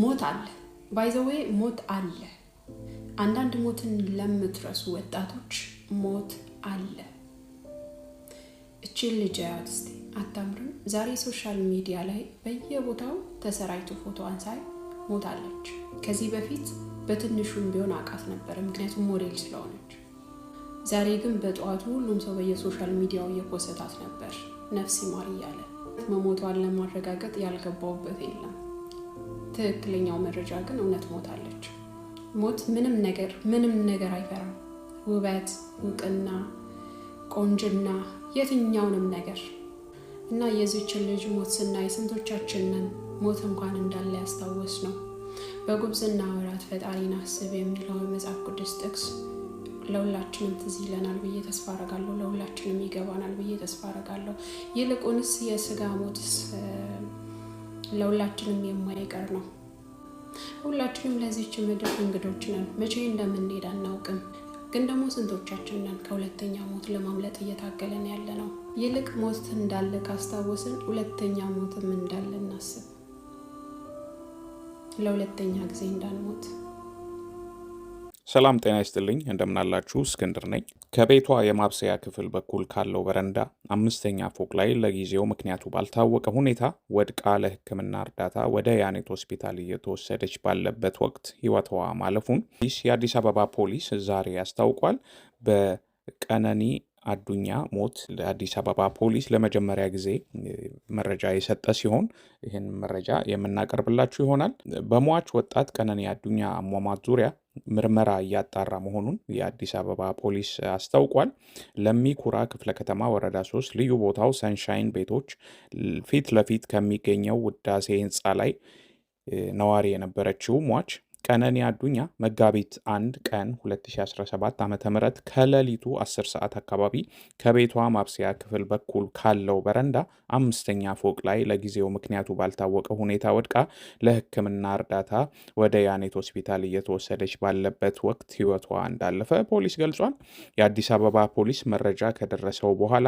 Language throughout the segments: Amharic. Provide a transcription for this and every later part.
ሞት አለ፣ ባይዘዌ ሞት አለ። አንዳንድ ሞትን ለምትረሱ ወጣቶች ሞት አለ። እችን ልጅ ያት አታምርም? ዛሬ ሶሻል ሚዲያ ላይ በየቦታው ተሰራይቶ ፎቶ አንሳይ ሞታለች። ከዚህ በፊት በትንሹም ቢሆን አውቃት ነበረ፣ ምክንያቱም ሞዴል ስለሆነች። ዛሬ ግን በጠዋቱ ሁሉም ሰው በየሶሻል ሚዲያው እየኮሰታት ነበር፣ ነፍስ ይማር እያለ መሞቷን ለማረጋገጥ ያልገባውበት የለም። ትክክለኛው መረጃ ግን እውነት ሞታለች። ሞት ምንም ነገር ምንም ነገር አይፈራም። ውበት፣ እውቅና፣ ቆንጅና፣ የትኛውንም ነገር እና የዚችን ልጅ ሞት ስናይ ስንቶቻችንን ሞት እንኳን እንዳለ ያስታወስ ነው። በጉብዝና ወራት ፈጣሪን አስብ የሚለው የመጽሐፍ ቅዱስ ጥቅስ ለሁላችንም ትዝ ይለናል ብዬ ተስፋ አረጋለሁ። ለሁላችንም ይገባናል ብዬ ተስፋ አረጋለሁ። ይልቁንስ የስጋ ሞትስ ለሁላችንም የማይቀር ነው። ሁላችንም ለዚች ምድር እንግዶች ነን። መቼ እንደምንሄድ አናውቅም። ግን ደግሞ ስንቶቻችን ነን ከሁለተኛ ሞት ለማምለጥ እየታገለን ያለ ነው? ይልቅ ሞት እንዳለ ካስታወስን ሁለተኛ ሞትም እንዳለ እናስብ፣ ለሁለተኛ ጊዜ እንዳንሞት ሰላም ጤና ይስጥልኝ፣ እንደምናላችሁ እስክንድር ነኝ። ከቤቷ የማብሰያ ክፍል በኩል ካለው በረንዳ አምስተኛ ፎቅ ላይ ለጊዜው ምክንያቱ ባልታወቀ ሁኔታ ወድቃ ለሕክምና እርዳታ ወደ ያኔት ሆስፒታል እየተወሰደች ባለበት ወቅት ሕይወቷ ማለፉን የአዲስ አበባ ፖሊስ ዛሬ አስታውቋል። በቀነኒ አዱኛ ሞት ለአዲስ አበባ ፖሊስ ለመጀመሪያ ጊዜ መረጃ የሰጠ ሲሆን ይህን መረጃ የምናቀርብላችሁ ይሆናል። በሟች ወጣት ቀነኒ አዱኛ አሟሟት ዙሪያ ምርመራ እያጣራ መሆኑን የአዲስ አበባ ፖሊስ አስታውቋል። ለሚኩራ ክፍለ ከተማ ወረዳ ሶስት ልዩ ቦታው ሰንሻይን ቤቶች ፊት ለፊት ከሚገኘው ውዳሴ ህንፃ ላይ ነዋሪ የነበረችው ሟች ቀነኒ አዱኛ መጋቢት 1 ቀን 2017 ዓ ም ከሌሊቱ 10 ሰዓት አካባቢ ከቤቷ ማብሰያ ክፍል በኩል ካለው በረንዳ አምስተኛ ፎቅ ላይ ለጊዜው ምክንያቱ ባልታወቀ ሁኔታ ወድቃ ለሕክምና እርዳታ ወደ ያኔት ሆስፒታል እየተወሰደች ባለበት ወቅት ህይወቷ እንዳለፈ ፖሊስ ገልጿል። የአዲስ አበባ ፖሊስ መረጃ ከደረሰው በኋላ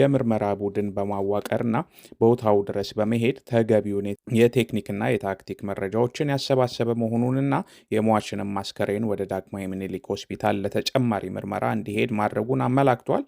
የምርመራ ቡድን በማዋቀርና ቦታው ድረስ በመሄድ ተገቢውን የቴክኒክና የታክቲክ መረጃዎችን ያሰባሰበ መሆኑንና የሟችንም አስከሬን ወደ ዳግማዊ ምኒልክ ሆስፒታል ለተጨማሪ ምርመራ እንዲሄድ ማድረጉን አመላክቷል።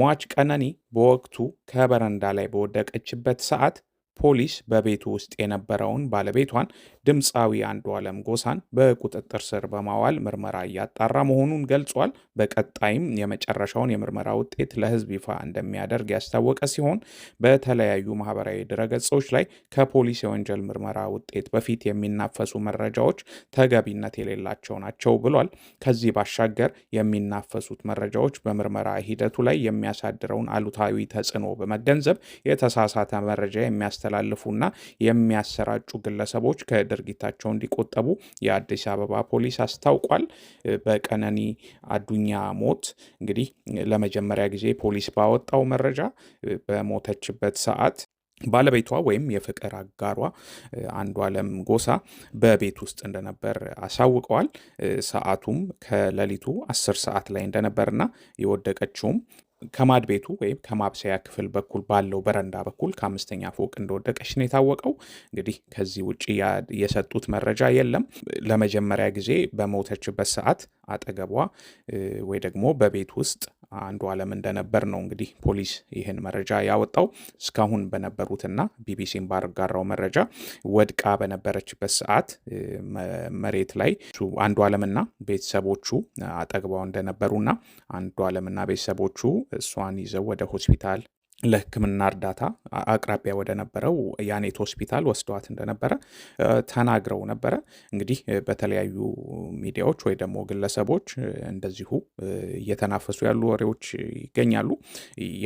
ሟች ቀነኒ በወቅቱ ከበረንዳ ላይ በወደቀችበት ሰዓት ፖሊስ በቤቱ ውስጥ የነበረውን ባለቤቷን ድምፃዊ አንዱ አለም ጎሳን በቁጥጥር ስር በማዋል ምርመራ እያጣራ መሆኑን ገልጿል። በቀጣይም የመጨረሻውን የምርመራ ውጤት ለህዝብ ይፋ እንደሚያደርግ ያስታወቀ ሲሆን በተለያዩ ማህበራዊ ድረገጾች ላይ ከፖሊስ የወንጀል ምርመራ ውጤት በፊት የሚናፈሱ መረጃዎች ተገቢነት የሌላቸው ናቸው ብሏል። ከዚህ ባሻገር የሚናፈሱት መረጃዎች በምርመራ ሂደቱ ላይ የሚያሳድረውን አሉታዊ ተጽዕኖ በመገንዘብ የተሳሳተ መረጃ የሚያስተላልፉና የሚያሰራጩ ግለሰቦች ከ ከድርጊታቸው እንዲቆጠቡ የአዲስ አበባ ፖሊስ አስታውቋል። በቀነኒ አዱኛ ሞት እንግዲህ ለመጀመሪያ ጊዜ ፖሊስ ባወጣው መረጃ በሞተችበት ሰዓት ባለቤቷ ወይም የፍቅር አጋሯ አንዷለም ጎሳ በቤት ውስጥ እንደነበር አሳውቀዋል። ሰዓቱም ከሌሊቱ አስር ሰዓት ላይ እንደነበርና የወደቀችውም ከማድ ቤቱ ወይም ከማብሰያ ክፍል በኩል ባለው በረንዳ በኩል ከአምስተኛ ፎቅ እንደወደቀች ነው የታወቀው። እንግዲህ ከዚህ ውጭ የሰጡት መረጃ የለም። ለመጀመሪያ ጊዜ በሞተችበት ሰዓት አጠገቧ ወይ ደግሞ በቤት ውስጥ አንዱ አለም እንደነበር ነው እንግዲህ ፖሊስ ይህን መረጃ ያወጣው። እስካሁን በነበሩትና ቢቢሲን ባጋራው መረጃ ወድቃ በነበረችበት ሰዓት መሬት ላይ አንዱ አለምና ቤተሰቦቹ አጠግባው እንደነበሩና አንዱ አለምና ቤተሰቦቹ እሷን ይዘው ወደ ሆስፒታል ለሕክምና እርዳታ አቅራቢያ ወደ ነበረው የአኔት ሆስፒታል ወስደዋት እንደነበረ ተናግረው ነበረ። እንግዲህ በተለያዩ ሚዲያዎች ወይ ደግሞ ግለሰቦች እንደዚሁ እየተናፈሱ ያሉ ወሬዎች ይገኛሉ።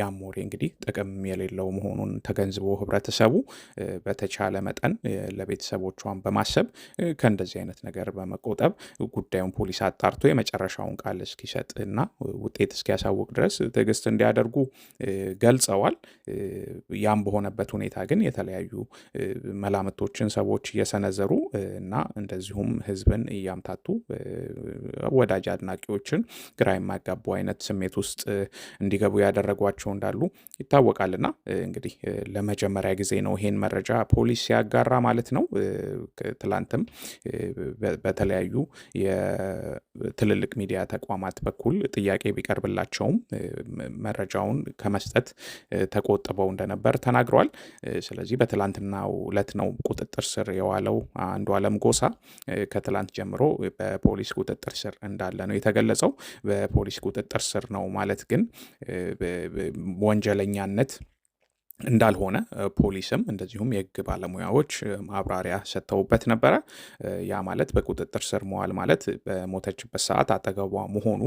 ያም ወሬ እንግዲህ ጥቅም የሌለው መሆኑን ተገንዝቦ ህብረተሰቡ በተቻለ መጠን ለቤተሰቦቿን በማሰብ ከእንደዚህ አይነት ነገር በመቆጠብ ጉዳዩን ፖሊስ አጣርቶ የመጨረሻውን ቃል እስኪሰጥ እና ውጤት እስኪያሳውቅ ድረስ ትዕግስት እንዲያደርጉ ገልጸዋል። ተናግረዋል። ያም በሆነበት ሁኔታ ግን የተለያዩ መላምቶችን ሰዎች እየሰነዘሩ እና እንደዚሁም ህዝብን እያምታቱ ወዳጅ አድናቂዎችን ግራ የማያጋቡ አይነት ስሜት ውስጥ እንዲገቡ ያደረጓቸው እንዳሉ ይታወቃልና እንግዲህ ለመጀመሪያ ጊዜ ነው ይሄን መረጃ ፖሊስ ሲያጋራ ማለት ነው። ትላንትም በተለያዩ ትልልቅ ሚዲያ ተቋማት በኩል ጥያቄ ቢቀርብላቸውም መረጃውን ከመስጠት ተቆጥበው እንደነበር ተናግሯል። ስለዚህ በትላንትናው ዕለት ነው ቁጥጥር ስር የዋለው አንዱዓለም ጎሳ ከትላንት ጀምሮ በፖሊስ ቁጥጥር ስር እንዳለ ነው የተገለጸው። በፖሊስ ቁጥጥር ስር ነው ማለት ግን ወንጀለኛነት እንዳልሆነ ፖሊስም እንደዚሁም የህግ ባለሙያዎች ማብራሪያ ሰጥተውበት ነበረ። ያ ማለት በቁጥጥር ስር መዋል ማለት በሞተችበት ሰዓት አጠገቧ መሆኑ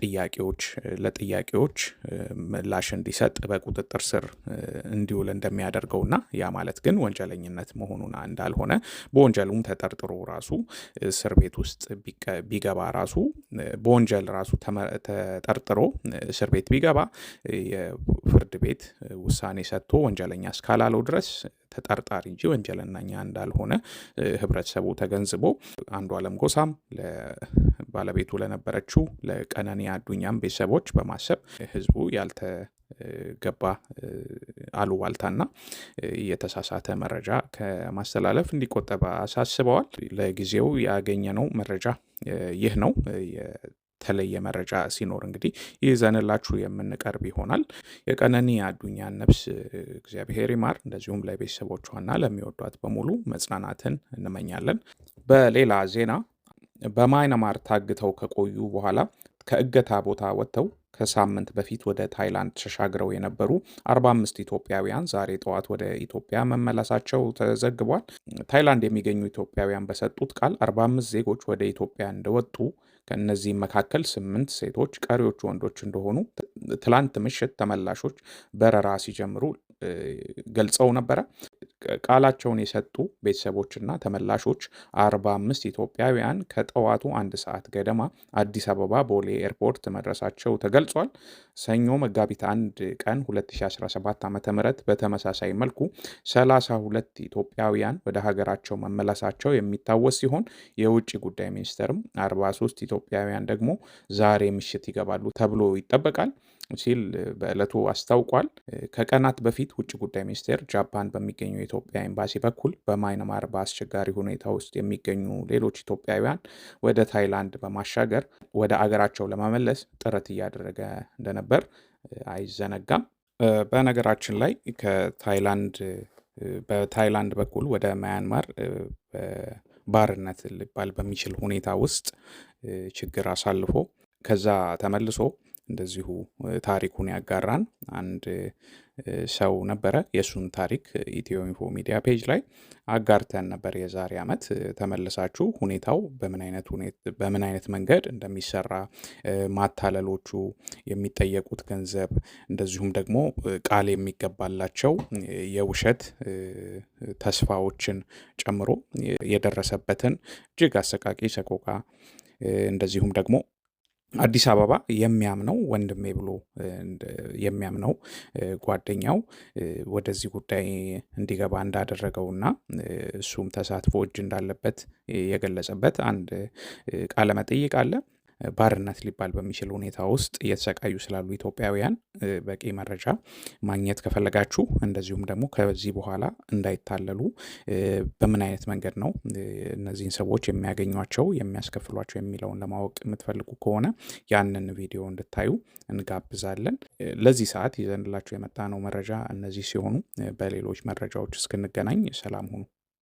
ጥያቄዎች ለጥያቄዎች ምላሽ እንዲሰጥ በቁጥጥር ስር እንዲውል እንደሚያደርገውና ያ ማለት ግን ወንጀለኝነት መሆኑን እንዳልሆነ በወንጀሉም ተጠርጥሮ ራሱ እስር ቤት ውስጥ ቢገባ ራሱ በወንጀል ራሱ ተጠርጥሮ እስር ቤት ቢገባ የፍርድ ቤት ውሳኔ ሰጥቶ ወንጀለኛ እስካላለው ድረስ ተጠርጣሪ እንጂ ወንጀለኛ እንዳልሆነ ህብረተሰቡ ተገንዝቦ አንዱ አለም ጎሳም ባለቤቱ ለነበረችው ለቀነኒ አዱኛም ቤተሰቦች በማሰብ ህዝቡ ያልተገባ አሉባልታና የተሳሳተ መረጃ ከማስተላለፍ እንዲቆጠብ አሳስበዋል። ለጊዜው ያገኘነው መረጃ ይህ ነው። የተለየ መረጃ ሲኖር እንግዲህ ይዘንላችሁ የምንቀርብ ይሆናል። የቀነኒ አዱኛን ነፍስ እግዚአብሔር ይማር፣ እንደዚሁም ለቤተሰቦቿና ለሚወዷት በሙሉ መጽናናትን እንመኛለን። በሌላ ዜና በማይነማር ታግተው ከቆዩ በኋላ ከእገታ ቦታ ወጥተው ከሳምንት በፊት ወደ ታይላንድ ተሻግረው የነበሩ 45 ኢትዮጵያውያን ዛሬ ጠዋት ወደ ኢትዮጵያ መመለሳቸው ተዘግቧል። ታይላንድ የሚገኙ ኢትዮጵያውያን በሰጡት ቃል 45 ዜጎች ወደ ኢትዮጵያ እንደወጡ ከእነዚህም መካከል ስምንት ሴቶች ቀሪዎቹ ወንዶች እንደሆኑ ትላንት ምሽት ተመላሾች በረራ ሲጀምሩ ገልጸው ነበረ። ቃላቸውን የሰጡ ቤተሰቦችና ተመላሾች 45 ኢትዮጵያውያን ከጠዋቱ አንድ ሰዓት ገደማ አዲስ አበባ ቦሌ ኤርፖርት መድረሳቸው ተገልጿል። ሰኞ መጋቢት 1 ቀን 2017 ዓ.ም በተመሳሳይ መልኩ 32 ኢትዮጵያውያን ወደ ሀገራቸው መመለሳቸው የሚታወስ ሲሆን የውጭ ጉዳይ ሚኒስቴርም 43 ኢትዮጵያውያን ደግሞ ዛሬ ምሽት ይገባሉ ተብሎ ይጠበቃል። ሲል በዕለቱ አስታውቋል። ከቀናት በፊት ውጭ ጉዳይ ሚኒስቴር ጃፓን በሚገኙ የኢትዮጵያ ኤምባሲ በኩል በማይነማር በአስቸጋሪ ሁኔታ ውስጥ የሚገኙ ሌሎች ኢትዮጵያውያን ወደ ታይላንድ በማሻገር ወደ አገራቸው ለመመለስ ጥረት እያደረገ እንደነበር አይዘነጋም። በነገራችን ላይ ከታይላንድ በታይላንድ በኩል ወደ ማያንማር ባርነት ሊባል በሚችል ሁኔታ ውስጥ ችግር አሳልፎ ከዛ ተመልሶ እንደዚሁ ታሪኩን ያጋራን አንድ ሰው ነበረ። የእሱን ታሪክ ኢትዮ ኢንፎ ሚዲያ ፔጅ ላይ አጋርተን ነበር የዛሬ ዓመት። ተመልሳችሁ ሁኔታው በምን አይነት መንገድ እንደሚሰራ ማታለሎቹ፣ የሚጠየቁት ገንዘብ እንደዚሁም ደግሞ ቃል የሚገባላቸው የውሸት ተስፋዎችን ጨምሮ የደረሰበትን እጅግ አሰቃቂ ሰቆቃ እንደዚሁም ደግሞ አዲስ አበባ የሚያምነው ወንድሜ ብሎ የሚያምነው ጓደኛው ወደዚህ ጉዳይ እንዲገባ እንዳደረገውና እሱም ተሳትፎ እጅ እንዳለበት የገለጸበት አንድ ቃለ መጠይቅ አለ። ባርነት ሊባል በሚችል ሁኔታ ውስጥ እየተሰቃዩ ስላሉ ኢትዮጵያውያን በቂ መረጃ ማግኘት ከፈለጋችሁ እንደዚሁም ደግሞ ከዚህ በኋላ እንዳይታለሉ በምን አይነት መንገድ ነው እነዚህን ሰዎች የሚያገኟቸው የሚያስከፍሏቸው የሚለውን ለማወቅ የምትፈልጉ ከሆነ ያንን ቪዲዮ እንድታዩ እንጋብዛለን። ለዚህ ሰዓት ይዘንላችሁ የመጣ ነው መረጃ እነዚህ ሲሆኑ፣ በሌሎች መረጃዎች እስክንገናኝ ሰላም ሁኑ።